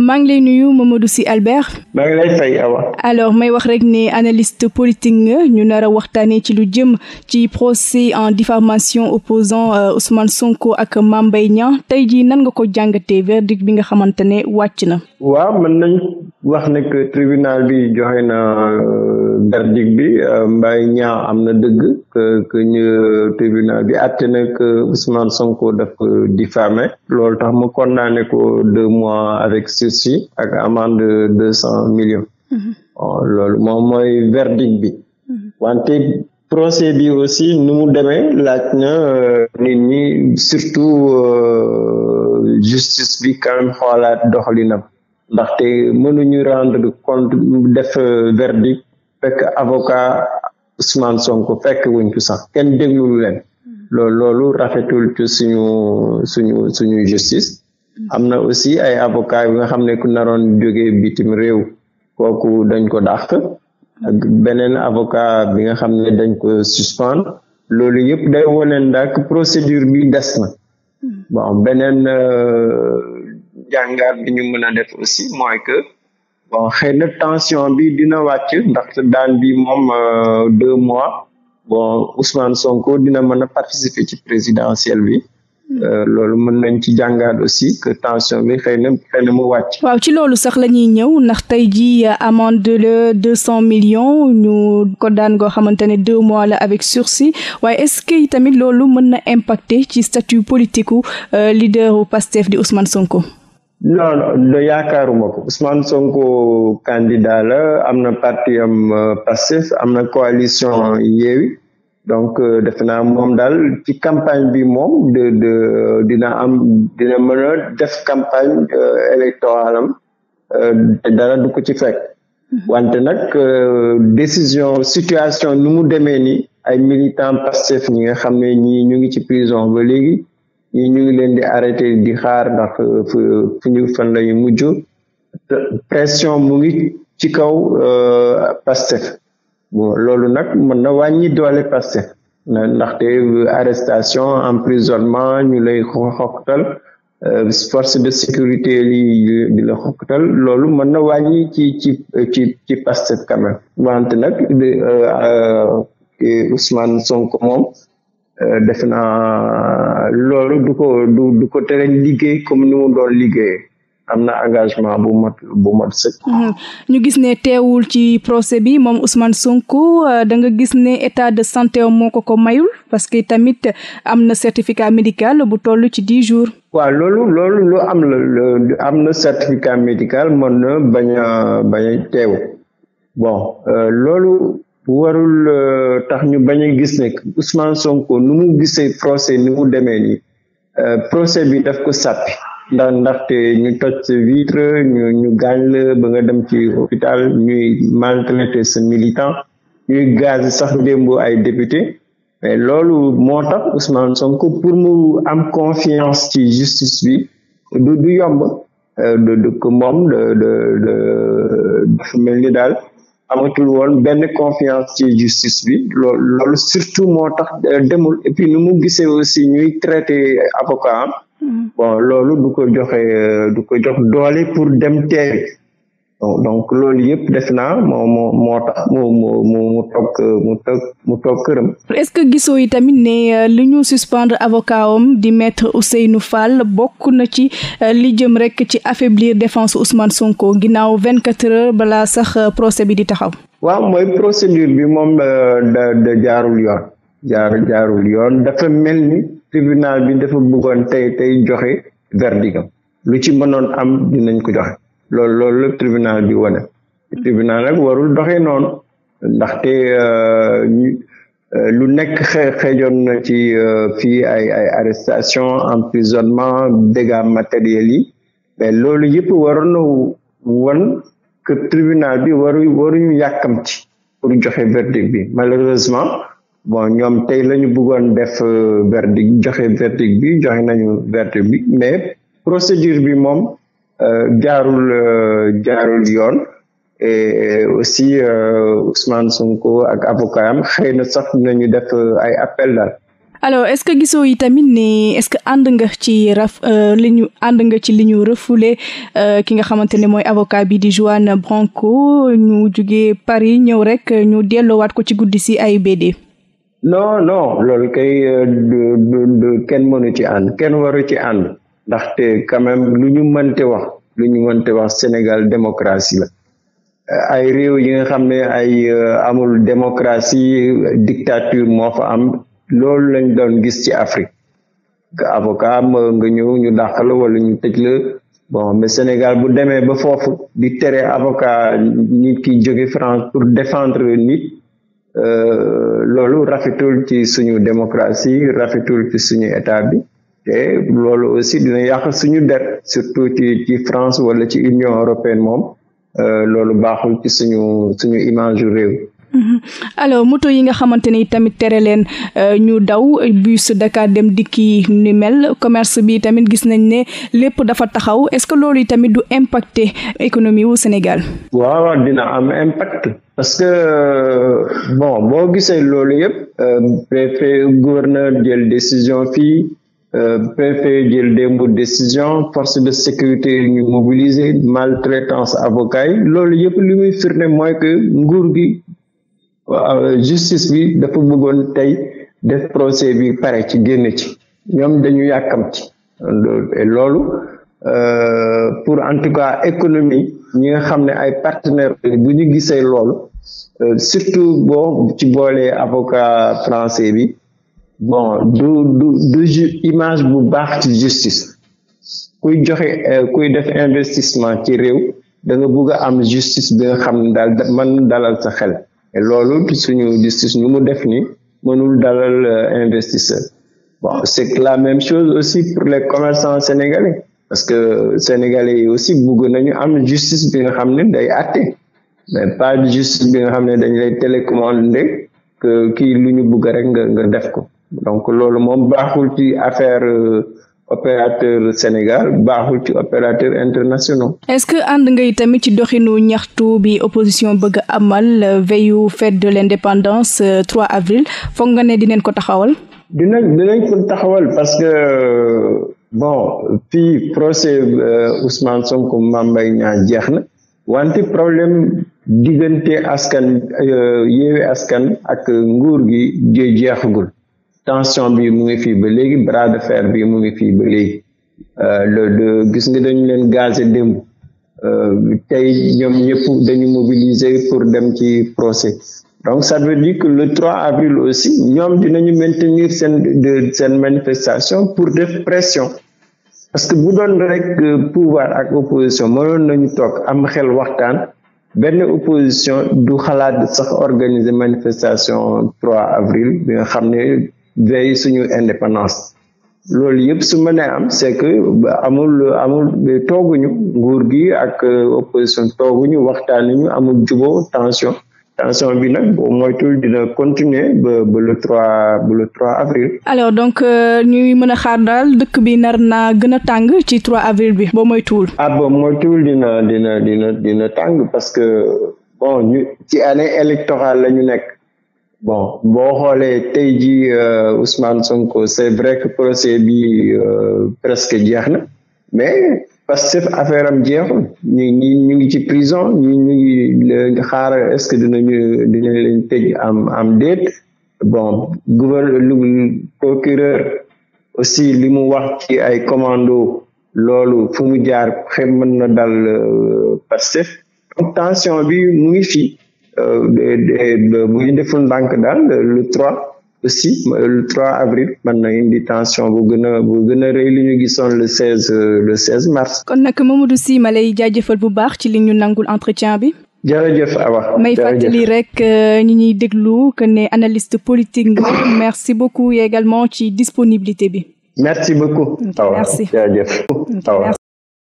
maa ngi lay nuyu Mamadou Sy Albert. alors may wax rek ni analyste politique nga ñu nar a waxtaanee ci lu jëm ci procès en diffamation opposant euh, Ousmane Sonko ak Mame Mbaye tey jii nan nga ko jàngatee verdict bi nga xamante ne wàcc na. waaw wax ne que tribunal bi joxe na euh, verdict bi euh, mbay Niang am na dëgg que que euh, tribunal bi àtte na que Ousmane Sonko daf ko diffamé loolu tax mu condamné ko deux mois avec sursis ak amende de deux cent millions. Mm-hmm. Oh, loolu moom mooy verdict bi. Mm-hmm. wante procès bi aussi nu mu demee laaj na nit ñi surtout justice bi quand même xoolaat doxalinam. ndaxte mënuñu rendre compte def euh, verdict fekk avocat Ousmane Sonko fekk wuñ ko sax kenn déglul leen hmm. loolu loolu rafetul ci suñu suñu suñu justice hmm. am na aussi ay avocat yi nga xam ne ku naroon jógee bitim réew kooku dañ ko dàq ak beneen avocat bi nga xam ne dañ ko suspendre loolu yëpp day woneen daak procédure bi des na hmm. bon beneen euh, jàngaat bi ñu mën a def aussi mois que bon xëy na tension bi dina wàcc ndax daan bi moom euh, deux mois bon Ousmane Sonko dina mën a participer ci présidentiel bi hmm. euh, loolu mën nañ ci jàngaat aussi que tension bi xëy na xëy na mu wàcc. waaw ci loolu sax la ñuy ñëw ndax tey jii amende la deux cent millions ñu ko daan goo xamante ne deux mois la avec sursis waaye est-ce que tamit loolu mën na impacter ci statut politiku euh, leader u Pastef di Ousmane Sonko. non non yaakaaruma ko Ousmane Sonko candidat la am na parti am euh, am na coalition ah. Yewwi donc euh, defe naa moom daal ci campagne bi moom de de dina am dina mën a def campagne euh, électorale am te du ko ci fekk mhm. wante nag décision situation nu mu demee ni ay militants Pastef nga xam ne ñii ñu ngi ci prison ba léegi ñu ngi leen di arrêté di xaar ndax euh, fu ñu fan lañu mujj pression mu ngi ci kaw euh, Pastef bon loolu nag mën na wàññi doole Pastef ndaxte euh, arrestation emprisonnement ñu lay xoktal force de sécurité yi di la xoktal loolu mën na wàññi ci ci ci ci Pastef quand même wante nag Ousmane Sonko moom def naa loolu du ko du du ko tere liggéey comme ni mu doon liggéey am na engagement bu mat bu mat sëkk. Mhm. ñu gis ne teewul ci procès bi moom Ousmane Sonko euh, da nga gis ne état de santé moo ko ko mayul parce que tamit am na certificat médical bu toll ci dix jours. waa loolu loolu lu am la am na certificat médical mën na bañ a teew bon euh, loolu. warul euh, tax ñu bañ a gis ne Ousmane Sonko nu mu gisee procès ni mu demee nii euh, procès bi daf ko sàppi ndax ndaxte ñu toj sa vitre ñu ñu gaañ la ba nga dem ci hôpital ñuy maltraité sa militant ñuy gaz sax démb ay député mais loolu moo tax Ousmane Sonko pour mu am confiance ci justice bi du yomb euh, de de ko moom de de de dafa mel ni daal amatul woon benn confiance ci justice bi loo loolu surtout moo tax euh, demul et puis ni mu gisee aussi ñuy traité avocat am mm-hmm. bon loolu du ko joxe euh, du ko jox doole pour dem teeri donc loolu yëpp def naa moo moo moo tax mu mu mu mu toog këram. est-ce que gisoo yi tamit ne euh, li ñu suspendre avocat am di maître Ousseynou Fall bokk na ci euh, li jëm rek ci affaiblir defence Ousmane Sonko ginnaaw vingt quatre balaa sax euh, procès bi di taxaw. waaw mooy procédure bi moom da da jaarul yoon jaar jaarul yoon dafa mel ni tribunal bi dafa bëggoon tey tey joxe verdict am lu ci mënoon am dinañ ko joxe. loolu loolu lépp tribunal bi wane tribunal nag warul doxee noonu ndaxte euh, euh, lu nekk xeejoon na ci euh, fii ay ay arrestation emprisonnement dégâts matériels yi mais loolu yëpp waroon na won que tribunal bi waru waruñu yàkkamti pour joxe verdict bi malheureusement bon ñoom tey la ñu bëggoon def verdict joxe verdict bi joxe nañu verdict bi mais procédure bi moom Euh, jaarul euh, jaarul yoon et aussi euh, Ousmane Sonko ak avocat am xëy na sax nañu def ay appel daal. alo est-ce que gisoo yi tamit ne est-ce que ànd nga ci raf li ñu ànd nga ci li ñu refoulé ki nga xamante ne mooy avocat bi di Juan Branco ñu jugee Paris ñëw rek ñu delloowaat ko ci guddi si AIBD. non non loolu kay kenn mënu ci ànd kenn waru ci ànd. ndaxte quand lu ñu mënte wax lu ñu mënte wax Sénégal démocratie la euh, ay réew yi nga xam ne ay euh, amul démocratie dictature moo am loolu lañ doon gis ci Afrique avocat ma euh, nga ñëw ñu dàq la wala ñu tëj la bon mais Sénégal bu demee ba foofu di tere avocat nit ki jóge France pour défendre nit loolu rafetul ci suñu démocratie rafetul ci suñu état bi loolu aussi dina yàq suñu dette surtout ci ci France wala ci Union européenne moom euh, loolu baaxul ci suñu suñu image réew. Mhm. alors moto yi nga xamante ni tamit tere leen euh, ñu daw bus Dakar dem dikki ni mel commerce bi tamit gis nañ ne lépp dafa taxaw est-ce que loolu tamit du impacte économie wu Sénégal. waaw dina am impact. parce que euh, bon boo gisee loolu yëpp préfet gouverneur jël décision fii. Euh, préfet jël démb décision force de sécurité ñu mobiliser maltraitance avocat yi loolu yëpp li muy firnde mooy que nguur gi justice bi dafa bëggoon tey def procès bi pare ci génn ci ñoom dañu yàkkamti et loolu euh, pour en tout cas économie ñi nga xam ne ay partenaires bu ñu gisee loolu euh, surtout boo ci boolee avocat français bi bon du image bu baax ci justice kuy joxe euh, kuy def investissement ci réew da nga a am justice bi nga xam ne daal man dalal sa xel loolu suñu justice ñu mu def nii mënul dalal euh, investisseur bon c'est la même chose aussi pour les commerçants sénégalais parce que sénégalais yi aussi bugg nañu am justice bi nga xam ne day àtte mais pas de justice bi nga xam ne dañu lay télécommandé que kii lu ñu bëgg rek nga def ko donc loolu moom baaxul ci affaire euh, opérateur Sénégal baaxul ci opérateur internationaux. est-ce que ànd ngay tamit ci doxinu ñaxtu bi opposition bëgg amal euh, veillu fête de l'indépendance 3 euh, avril foog nga ne dinañ ko taxawal. dinañ dinañ taxawal parce que bon fii procès Ousmane Sonko Mame Mbaye Niang jeex na wante problème diggante askan yeewe askan ak nguur gi jeexagul. tension bi mu ngi fii ba léegi bras de fer bi mu ngi fii ba léegi euh, le de gis nga dañu leen gazé démb euh, tey ñoom ñëpp dañu mobiliser pour dem ci procès donc ça veut dire que le 3 avril aussi ñoom dinañu maintenir seen de seen manifestation pour def pression parce que bu doon rek euh, pouvoir ak opposition mënoon nañu toog am xel waxtaan benn opposition du xalaat sax organiser manifestation trois avril bi nga xam ne veille suñu indépendance loolu yëpp su mënee am c'est que amul tooguñu nguur gi ak euh, opposition tooguñu waxtaanuñu amul jubóo tension tension bi nag boo moytul dina continuer ba ba le 3 ba le 3 avril. alors donc euh, ñuy mën a xaar daal dëkk bi nar naa gën a tàng ci trois avril bi boo moytuwul. ah boo moytuwul dina dina dina dina tàng parce que bon ñu ci année électorale la ñu nekk. bon boo xoolee tey jii euh, Ousmane Sonko c'est vrai que procès bi euh, presque jeex na mais parce que affaire am jeexul ñu ñu ñu ngi ci prison ñu ñu ngi xaar est-ce que dinañu dina leen tëj am am déet bon gouverneur procureur aussi li mu wax ci ay commando loolu fu mu jaar xëy mën na dal euh, Pastef donc tension bi mu ngi fii Euh, bu ñu deful ndànk daal le 3 aussi le 3 avril mën na indi tension bu gën a gën a rëy li ñu gisoon le 16 euh, le 16 mars. kon nag Mamadou Sy ma lay jaajëfal bu baax ci li ñu nangul entretien bi. jërëjëf Awa may fàttali rek euh, ñi ñuy déglu que ne analyste politique nga merci beaucoup et également ci disponibilité bi. merci beaucoup. Awa jërëjëf.